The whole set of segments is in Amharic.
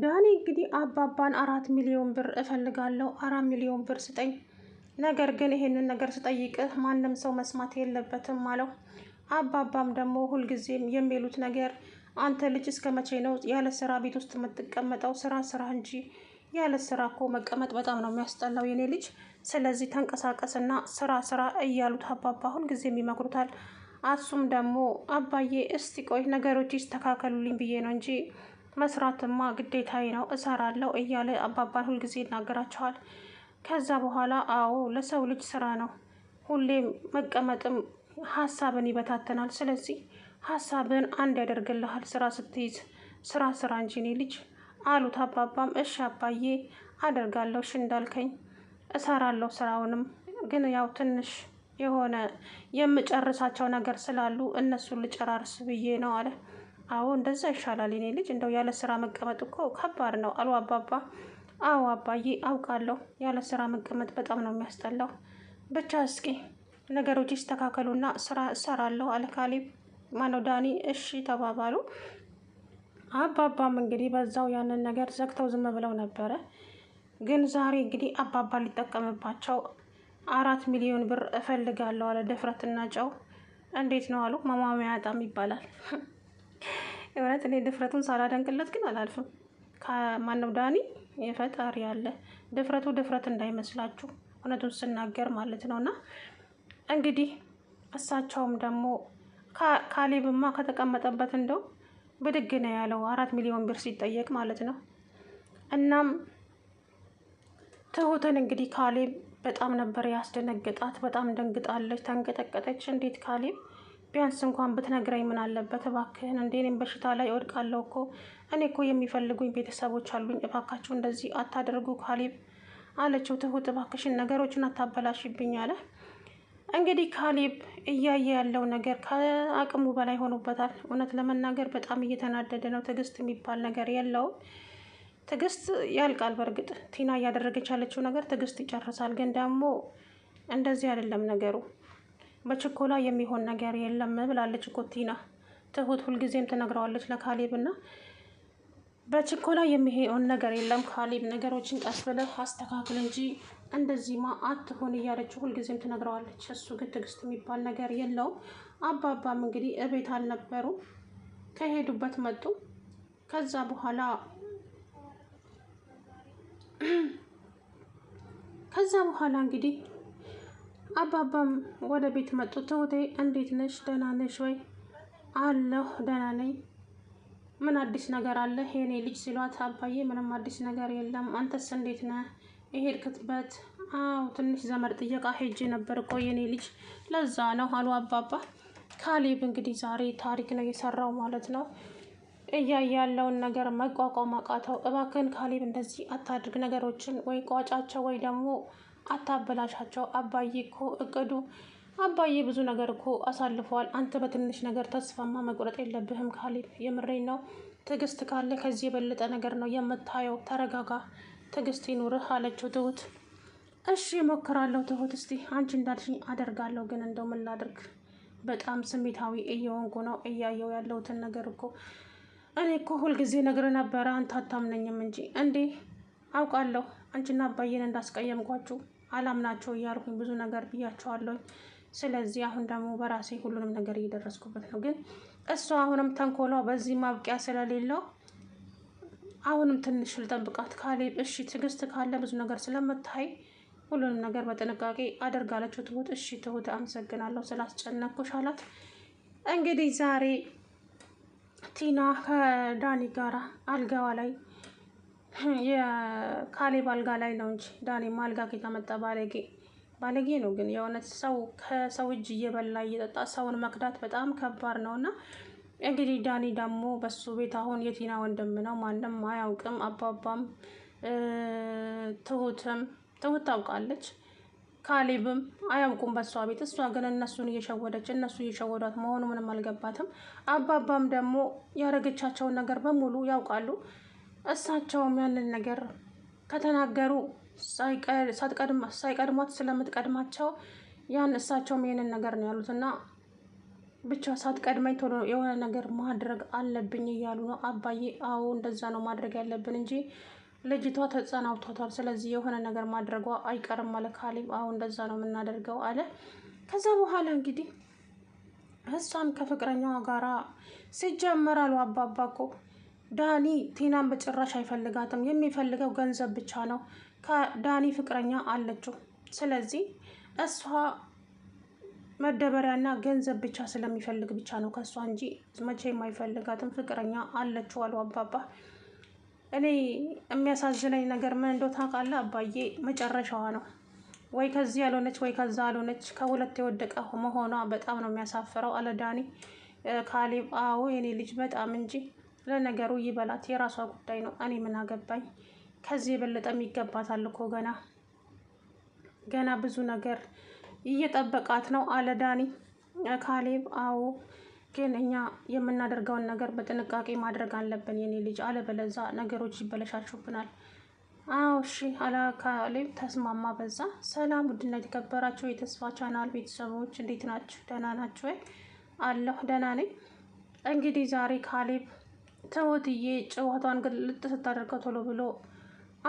ዳኒ እንግዲህ አባባን አራት ሚሊዮን ብር እፈልጋለሁ፣ አራት ሚሊዮን ብር ስጠኝ፣ ነገር ግን ይሄንን ነገር ስጠይቅህ ማንም ሰው መስማት የለበትም አለው። አባባም ደግሞ ሁልጊዜም የሚሉት ነገር አንተ ልጅ እስከ መቼ ነው ያለ ስራ ቤት ውስጥ የምትቀመጠው? ስራ ስራ እንጂ ያለ ስራ እኮ መቀመጥ በጣም ነው የሚያስጠላው የኔ ልጅ። ስለዚህ ተንቀሳቀስና ስራ ስራ እያሉት አባባ ሁልጊዜም ይመክሩታል። አሱም ደግሞ አባዬ እስቲ ቆይ ነገሮች ይስተካከሉልኝ ብዬ ነው እንጂ መስራትማ ግዴታዬ ነው እሰራለሁ እያለ አባባን ሁልጊዜ ይናገራቸዋል። ከዛ በኋላ አዎ ለሰው ልጅ ስራ ነው ሁሌም መቀመጥም ሀሳብን ይበታተናል። ስለዚህ ሀሳብን አንድ ያደርግልሃል ስራ ስትይዝ ስራ ስራ እንጂ እኔ ልጅ አሉት። አባባም እሺ አባዬ አደርጋለሁ እሺ እንዳልከኝ እሰራለሁ። ስራውንም ግን ያው ትንሽ የሆነ የምጨርሳቸው ነገር ስላሉ እነሱን ልጨራርስ ብዬ ነው አለ። አዎ እንደዛ ይሻላል የኔ ልጅ። እንደው ያለ ስራ መቀመጥ እኮ ከባድ ነው አሉ አባባ። አዎ አባዬ አውቃለሁ፣ ያለ ስራ መቀመጥ በጣም ነው የሚያስጠላው። ብቻ እስኪ ነገሮች ይስተካከሉና ስራ እሰራለሁ አለ ካሌብ። ማነው ዳኒ። እሺ ተባባሉ። አባባም እንግዲህ በዛው ያንን ነገር ዘግተው ዝም ብለው ነበረ። ግን ዛሬ እንግዲህ አባባ ሊጠቀምባቸው አራት ሚሊዮን ብር እፈልጋለሁ አለ። ድፍረትና ጨው እንዴት ነው አሉ። መማሚያ ጣም ይባላል። እውነት እኔ ድፍረቱን ሳላደንቅለት ግን አላልፍም። ማነው ዳኒ የፈጣሪ አለ ድፍረቱ ድፍረት እንዳይመስላችሁ እውነቱን ስናገር ማለት ነው። እና እንግዲህ እሳቸውም ደግሞ ካሌብማ ከተቀመጠበት እንደው ብድግ ነው ያለው አራት ሚሊዮን ብር ሲጠየቅ ማለት ነው። እናም ትሁትን እንግዲህ ካሌብ በጣም ነበር ያስደነግጣት። በጣም ደንግጣለች፣ ተንቀጠቀጠች። እንዴት ካሌብ ቢያንስ እንኳን ብትነግረኝ ምን አለበት እባክህን። እንዴ እኔም በሽታ ላይ እወድቃለሁ እኮ እኔ እኮ የሚፈልጉኝ ቤተሰቦች አሉኝ። እባካችሁ እንደዚህ አታደርጉ ካሊብ አለችው። ትሁት እባክሽን ነገሮችን አታበላሽብኝ አለ። እንግዲህ ካሊብ እያየ ያለው ነገር ከአቅሙ በላይ ሆኖበታል። እውነት ለመናገር በጣም እየተናደደ ነው። ትዕግስት የሚባል ነገር የለውም። ትዕግስት ያልቃል። በእርግጥ ቲና እያደረገች ያለችው ነገር ትዕግስት ይጨርሳል። ግን ደግሞ እንደዚህ አይደለም ነገሩ። በችኮላ የሚሆን ነገር የለም ብላለች እኮ ቲና። ትሁት ሁልጊዜም ትነግረዋለች ለካሌብ እና በችኮላ የሚሆን ነገር የለም ካሌብ፣ ነገሮችን ቀስ ብለህ አስተካክል እንጂ እንደዚህማ አትሆን እያለችው ሁልጊዜም ትነግረዋለች። እሱ ግን ትዕግስት የሚባል ነገር የለውም። አባባም እንግዲህ እቤት አልነበሩ ከሄዱበት መጡ። ከዛ በኋላ ከዛ በኋላ እንግዲህ አባባም ወደ ቤት መጡ። ትሁቴ እንዴት ነሽ? ደህና ነሽ ወይ? አለሁ ደህና ነኝ። ምን አዲስ ነገር አለ የኔ ልጅ ሲሏት፣ አባዬ ምንም አዲስ ነገር የለም። አንተስ እንዴት ነህ? የሄድክበት? አዎ ትንሽ ዘመድ ጥየቃ ሄጄ ነበር እኮ የኔ ልጅ፣ ለዛ ነው አሉ አባባ። ካሌብ እንግዲህ ዛሬ ታሪክ ነው የሰራው ማለት ነው። እያየ ያለውን ነገር መቋቋም አቃተው። እባክን ካሌብ እንደዚህ አታድርግ፣ ነገሮችን ወይ ቋጫቸው ወይ ደግሞ አታበላሻቸው። አባዬ እኮ እቅዱ አባዬ ብዙ ነገር እኮ አሳልፈዋል። አንተ በትንሽ ነገር ተስፋማ መቁረጥ የለብህም ካሌብ፣ የምሬን ነው። ትዕግስት ካለ ከዚህ የበለጠ ነገር ነው የምታየው። ተረጋጋ፣ ትዕግስት ይኑርህ አለችው ትሁት። እሺ ሞክራለሁ ትሁት፣ እስቲ አንቺ እንዳልሽኝ አደርጋለሁ። ግን እንደው ምን ላድርግ? በጣም ስሜታዊ እየሆንኩ ነው። እያየው ያለሁትን ነገር እኮ እኔ እኮ ሁልጊዜ ነግር ነበረ፣ አንተ አታምነኝም እንጂ እንዴ። አውቃለሁ አንቺና አባዬን እንዳስቀየምኳችሁ አላምናቸው እያልኩኝ ብዙ ነገር ብያቸዋለሁኝ። ስለዚህ አሁን ደግሞ በራሴ ሁሉንም ነገር እየደረስኩበት ነው። ግን እሷ አሁንም ተንኮሏ በዚህ ማብቂያ ስለሌለው አሁንም ትንሽ ልጠብቃት ካሌብ። እሺ ትዕግስት ካለ ብዙ ነገር ስለምታይ ሁሉንም ነገር በጥንቃቄ አደርጋለችው። ትሁት እሺ ትሁት አመሰግናለሁ ስላስጨነኩሽ አላት። እንግዲህ ዛሬ ቲና ከዳኒ ጋራ አልጋዋ ላይ የካሌብ አልጋ ላይ ነው እንጂ ዳኔማ አልጋ ከተመጣ ባለጌ ባለጌ ነው። ግን የእውነት ሰው ከሰው እጅ እየበላ እየጠጣ ሰውን መክዳት በጣም ከባድ ነው እና እንግዲህ ዳኒ ደግሞ በሱ ቤት አሁን የቲና ወንድም ነው፣ ማንም አያውቅም። አባባም ትሁትም ትሁት ታውቃለች፣ ካሌብም አያውቁም በሷ ቤት። እሷ ግን እነሱን እየሸወደች እነሱ እየሸወዷት መሆኑ ምንም አልገባትም። አባባም ደግሞ ያደረገቻቸውን ነገር በሙሉ ያውቃሉ። እሳቸውም ያለን ነገር ከተናገሩ ሳይቀድሟት ስለምትቀድማቸው ያን እሳቸውም ይህንን ነገር ነው ያሉት እና ብቻ ሳትቀድመኝ ቶሎ የሆነ ነገር ማድረግ አለብኝ እያሉ ነው አባዬ። አዎ እንደዛ ነው ማድረግ ያለብን እንጂ ልጅቷ ተጸናውቷታል። ስለዚህ የሆነ ነገር ማድረጓ አይቀርም አለ ካሌብ። አዎ እንደዛ ነው የምናደርገው አለ። ከዛ በኋላ እንግዲህ እሷም ከፍቅረኛዋ ጋራ ሲጀመር አሉ አባባ እኮ ዳኒ ቲናን በጭራሽ አይፈልጋትም። የሚፈልገው ገንዘብ ብቻ ነው። ከዳኒ ፍቅረኛ አለችው። ስለዚህ እሷ መደበሪያና ገንዘብ ብቻ ስለሚፈልግ ብቻ ነው ከእሷ እንጂ መቼ አይፈልጋትም። ፍቅረኛ አለችው አሉ አባባ። እኔ የሚያሳዝነኝ ነገር ምን እንደው ታውቃለህ አባዬ? መጨረሻዋ ነው ወይ ከዚህ ያልሆነች ወይ ከዛ ያልሆነች ከሁለት የወደቀ መሆኗ በጣም ነው የሚያሳፍረው አለ ዳኒ። ካሌብ አዎ የኔ ልጅ በጣም እንጂ ለነገሩ ይበላት፣ የራሷ ጉዳይ ነው። እኔ ምን አገባኝ? ከዚህ የበለጠም ይገባታል እኮ ገና ገና ብዙ ነገር እየጠበቃት ነው አለ ዳኒ። ካሌብ አዎ፣ ግን እኛ የምናደርገውን ነገር በጥንቃቄ ማድረግ አለብን የኔ ልጅ፣ አለበለዛ ነገሮች ይበለሻችሁብናል። አዎ እሺ አለ ካሌብ። ተስማማ በዛ። ሰላም ውድና የተከበራችሁ የተስፋ ቻናል ቤተሰቦች እንዴት ናችሁ? ደህና ናችሁ ወይ? አለሁ ደህና ነኝ። እንግዲህ ዛሬ ካሌብ ትሁትዬ ጨዋቷን ግልጥ ስታደርገው ቶሎ ብሎ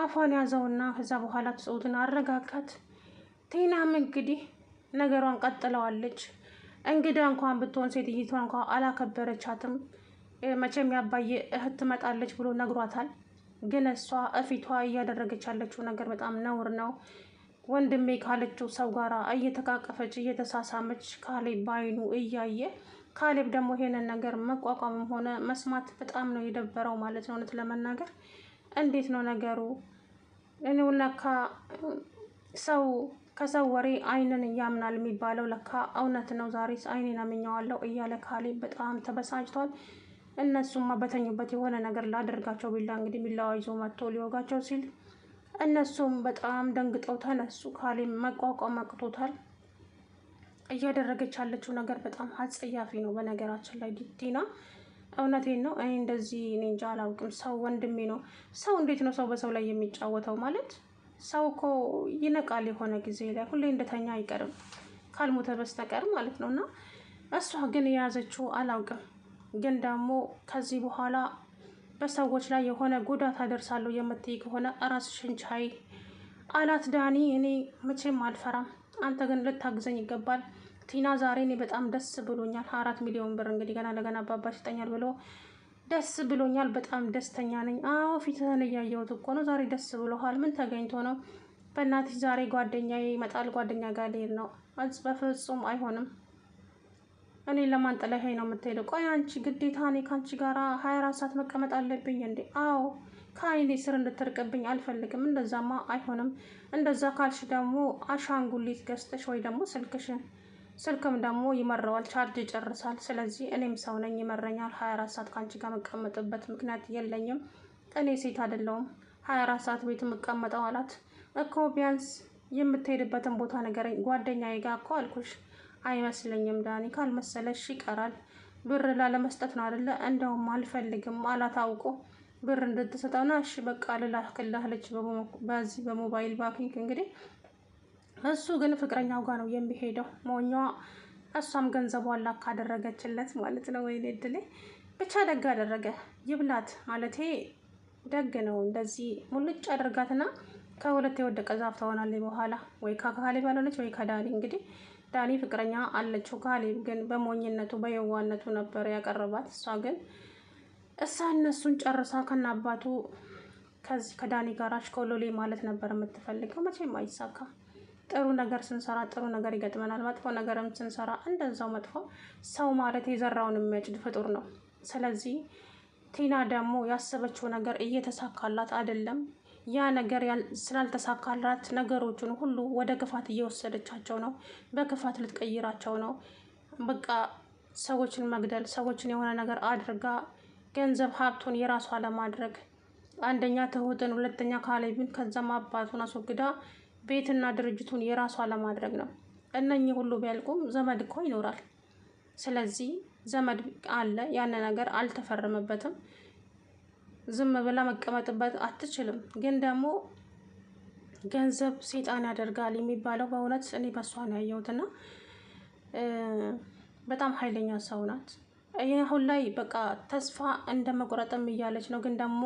አፏን ያዘውና ከዛ በኋላ ትሁትን አረጋጋት። ቴናም እንግዲህ ነገሯን ቀጥለዋለች። እንግዳ እንኳን ብትሆን ሴትዮቷ እንኳ አላከበረቻትም። መቼም ያባዬ እህት ትመጣለች ብሎ ነግሯታል። ግን እሷ እፊቷ እያደረገች ያለችው ነገር በጣም ነውር ነው። ወንድሜ ካለችው ሰው ጋራ እየተቃቀፈች እየተሳሳመች ካሌ ባይኑ እያየ ካሌብ ደግሞ ይሄንን ነገር መቋቋምም ሆነ መስማት በጣም ነው የደበረው ማለት ነው። እውነት ለመናገር እንዴት ነው ነገሩ? እኔው ለካ ሰው ከሰው ወሬ አይንን እያምናል የሚባለው ለካ እውነት ነው። ዛሬስ አይኔን አምኘዋለሁ እያለ ካሌብ በጣም ተበሳጭቷል። እነሱማ በተኙበት የሆነ ነገር ላደርጋቸው ቢላ እንግዲህ ቢላዋ ይዞ መጥቶ ሊወጋቸው ሲል እነሱም በጣም ደንግጠው ተነሱ። ካሌብ መቋቋም አቅቶታል። እያደረገች ያለችው ነገር በጣም አጸያፊ ነው። በነገራችን ላይ ዲና እውነቴን ነው። እኔ እንደዚህ እኔ እንጃ አላውቅም። ሰው ወንድሜ ነው። ሰው እንዴት ነው ሰው በሰው ላይ የሚጫወተው? ማለት ሰው እኮ ይነቃል የሆነ ጊዜ ላይ ሁሌ እንደተኛ አይቀርም ካልሞተ በስተቀር ማለት ነው። እና እሷ ግን የያዘችው አላውቅም፣ ግን ደግሞ ከዚህ በኋላ በሰዎች ላይ የሆነ ጉዳት አደርሳለሁ የምትይ ከሆነ ራስሽን ቻይ አላት ዳኒ። እኔ መቼም አልፈራም፣ አንተ ግን ልታግዘኝ ይገባል። ቲና ዛሬ እኔ በጣም ደስ ብሎኛል። አራት ሚሊዮን ብር እንግዲህ ገና ለገና አባባሽ ይሰጠኛል ብሎ ደስ ብሎኛል። በጣም ደስተኛ ነኝ። አዎ ፊትህን እያየሁት እኮ ነው። ዛሬ ደስ ብሎሃል። ምን ተገኝቶ ነው? በእናትሽ ዛሬ ጓደኛ ይመጣል። ጓደኛ ጋር ልሄድ ነው። በፍጹም አይሆንም። እኔ ለማን ጥለኸኝ ነው የምትሄደው? ቆይ አንቺ ግዴታ እኔ ከአንቺ ጋር ሀያ አራት ሰዓት መቀመጥ አለብኝ እንዴ? አዎ ከአይኔ ስር እንድትርቅብኝ አልፈልግም። እንደዛማ አይሆንም። እንደዛ ካልሽ ደግሞ አሻንጉሊት ገዝተሽ ወይ ደግሞ ስልክሽን ስልክም ደግሞ ይመረዋል፣ ቻርጅ ይጨርሳል። ስለዚህ እኔም ሰው ነኝ፣ ይመረኛል። 24 ሰዓት ከአንቺ ጋር መቀመጥበት ምክንያት የለኝም፣ እኔ ሴት አይደለሁም 24 ሰዓት ቤት የምቀመጠው አላት። እኮ ቢያንስ የምትሄድበትን ቦታ ነገር ጓደኛዬ ጋር እኮ አልኩሽ። አይመስለኝም ዳኒ፣ ካልመሰለሽ ይቀራል። ብር ላለመስጠት ነው አደለ እንደውም አልፈልግም አላታውቆ ብር እንድትሰጠውና እሺ በቃ ልላክልህ አለች። በዚህ በሞባይል ባንኪንግ እንግዲህ እሱ ግን ፍቅረኛው ጋር ነው የሚሄደው። ሞኛ እሷም ገንዘቡ አላ ካደረገችለት ማለት ነው። ወይኔ እድሌ ብቻ ደግ አደረገ። ይብላት ማለቴ ደግ ነው። እንደዚህ ሙልጭ አደርጋትና ከሁለት የወደቀ ዛፍ ትሆናለች በኋላ ወይ ከካሌ አለች ወይ ከዳኒ። እንግዲህ ዳኒ ፍቅረኛ አለችው። ካሌብ ግን በሞኝነቱ በየዋነቱ ነበር ያቀረባት። እሷ ግን እሳ እነሱን ጨርሳ አባቱ ከዚህ ከዳኒ ጋር አሽኮሎሌ ማለት ነበር የምትፈልገው። መቼም አይሳካ ጥሩ ነገር ስንሰራ ጥሩ ነገር ይገጥመናል፣ መጥፎ ነገርም ስንሰራ እንደዛው መጥፎ። ሰው ማለት የዘራውን የሚያጭድ ፍጡር ነው። ስለዚህ ቲና ደግሞ ያሰበችው ነገር እየተሳካላት አይደለም። ያ ነገር ስላልተሳካላት ነገሮችን ሁሉ ወደ ክፋት እየወሰደቻቸው ነው። በክፋት ልትቀይራቸው ነው። በቃ ሰዎችን መግደል፣ ሰዎችን የሆነ ነገር አድርጋ ገንዘብ ሀብቱን የራሷ ለማድረግ አንደኛ ትሁትን፣ ሁለተኛ ካሌብን፣ ከዛም አባቱን አስወግዳ ቤትና ድርጅቱን የራሷ ለማድረግ ነው። እነኚህ ሁሉ ቢያልቁም ዘመድ እኮ ይኖራል። ስለዚህ ዘመድ አለ፣ ያን ነገር አልተፈረመበትም። ዝም ብላ መቀመጥበት አትችልም። ግን ደግሞ ገንዘብ ሴጣን ያደርጋል የሚባለው በእውነት እኔ በሷ ነው ያየሁትና በጣም ኃይለኛ ሰው ናት። ይህ አሁን ላይ በቃ ተስፋ እንደመቁረጥም እያለች ነው። ግን ደግሞ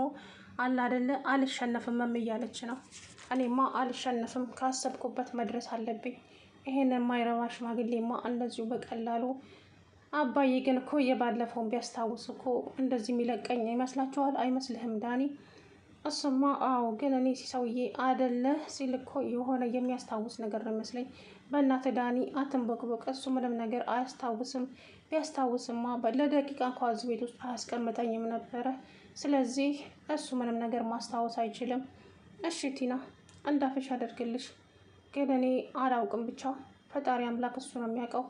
አለ አይደለ አልሸነፍምም እያለች ነው። እኔማ አልሸነፍም፣ ካሰብኩበት መድረስ አለብኝ። ይሄን የማይረባ ሽማግሌማ እንደዚሁ በቀላሉ አባዬ ግን እኮ የባለፈውን ቢያስታውስ እኮ እንደዚህ የሚለቀኝ ይመስላችኋል? አይመስልህም ዳኒ? እሱማ አዎ፣ ግን እኔ ሲሰውዬ አደለ ሲል እኮ የሆነ የሚያስታውስ ነገር ነው ይመስለኝ። በእናት ዳኒ አትንበቅበቅ፣ እሱ ምንም ነገር አያስታውስም። ቢያስታውስማ ለደቂቃ እንኳ እዚህ ቤት ውስጥ አያስቀምጠኝም ነበረ። ስለዚህ እሱ ምንም ነገር ማስታወስ አይችልም። እሺ ቲና እንዳፈሽ አደርግልሽ። ግን እኔ አላውቅም፣ ብቻ ፈጣሪ አምላክ እሱ ነው የሚያውቀው።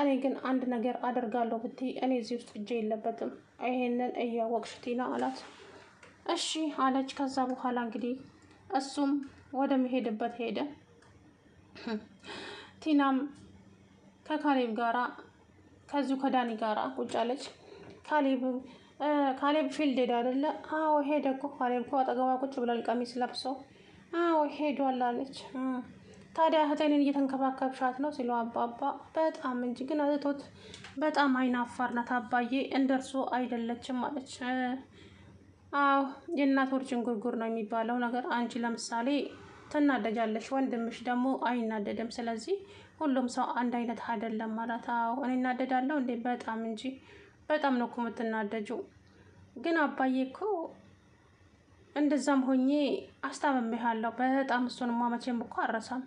እኔ ግን አንድ ነገር አደርጋለሁ ብትይ እኔ እዚህ ውስጥ እጄ የለበትም። ይሄንን እያወቅሽ ቲና አላት። እሺ አለች። ከዛ በኋላ እንግዲህ እሱም ወደሚሄድበት ሄደ። ቲናም ከካሌብ ጋራ ከዚሁ ከዳኒ ጋራ ቁጭ አለች። ካሌብ ካሌብ ፊልድ ሄደ አይደለ? አዎ ሄደ እኮ ካሌብ እኮ አጠገቧ ቁጭ ብሏል ቀሚስ ለብሰው አዎ ሄዷል አለች። ታዲያ እህቴንን እየተንከባከብሻት ነው ሲሉ አባባ በጣም እንጂ ግን እህቶት በጣም አፋር ናት አባዬ፣ እንደርሶ አይደለችም አለች። አዎ የእናት ወር ጉርጉር ነው የሚባለው ነገር። አንቺ ለምሳሌ ትናደጃለሽ፣ ወንድምሽ ደግሞ አይናደድም። ስለዚህ ሁሉም ሰው አንድ አይነት አይደለም ማለት። አዎ እኔ እናደዳለሁ እንዴ? በጣም እንጂ በጣም ነው እኮ የምትናደጁ። ግን አባዬ እኮ እንደዛም ሆኜ አስታምሜሃለሁ በጣም እሱንማ መቼም እኮ አረሳም።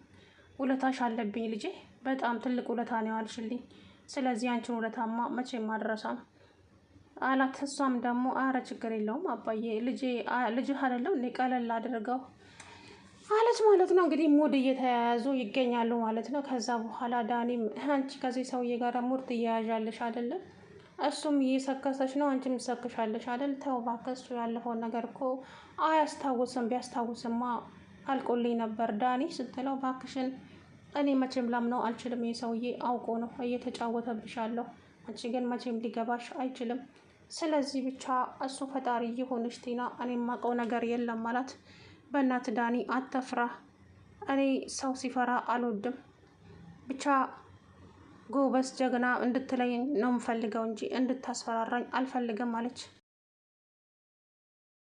ውለታሽ አለብኝ ልጄ፣ በጣም ትልቅ ውለታ ነው ያልሽልኝ። ስለዚህ አንቺን ውለታማ መቼም አልረሳም አላት። እሷም ደግሞ አረ ችግር የለውም አባዬ፣ ልጅህ አይደለም እኔ ቀለል አድርገው አለች ማለት ነው። እንግዲህ ሙድ እየተያያዙ ይገኛሉ ማለት ነው። ከዛ በኋላ ዳኒም አንቺ ከዚህ ሰውዬ ጋር ሙድ ትያያዣለሽ አይደለም እሱም እየሰከሰች ነው፣ አንቺ ምሰክሻለሽ አይደል? ተው እባክህ፣ እሱ ያለፈውን ነገር እኮ አያስታውስም። ቢያስታውስማ አልቆልኝ ነበር ዳኒ ስትለው፣ እባክሽን፣ እኔ መቼም ላምነው አልችልም። ይህ ሰውዬ አውቆ ነው እየተጫወተብሻለሁ፣ አንቺ ግን መቼም ሊገባሽ አይችልም። ስለዚህ ብቻ እሱ ፈጣሪ ይሁንሽ ቲና፣ እኔ የማውቀው ነገር የለም አላት። በእናት ዳኒ አተፍራ፣ እኔ ሰው ሲፈራ አልወድም ብቻ ጎበዝ ጀግና እንድትለኝ ነው የምፈልገው እንጂ እንድታስፈራራኝ አልፈልግም አለች።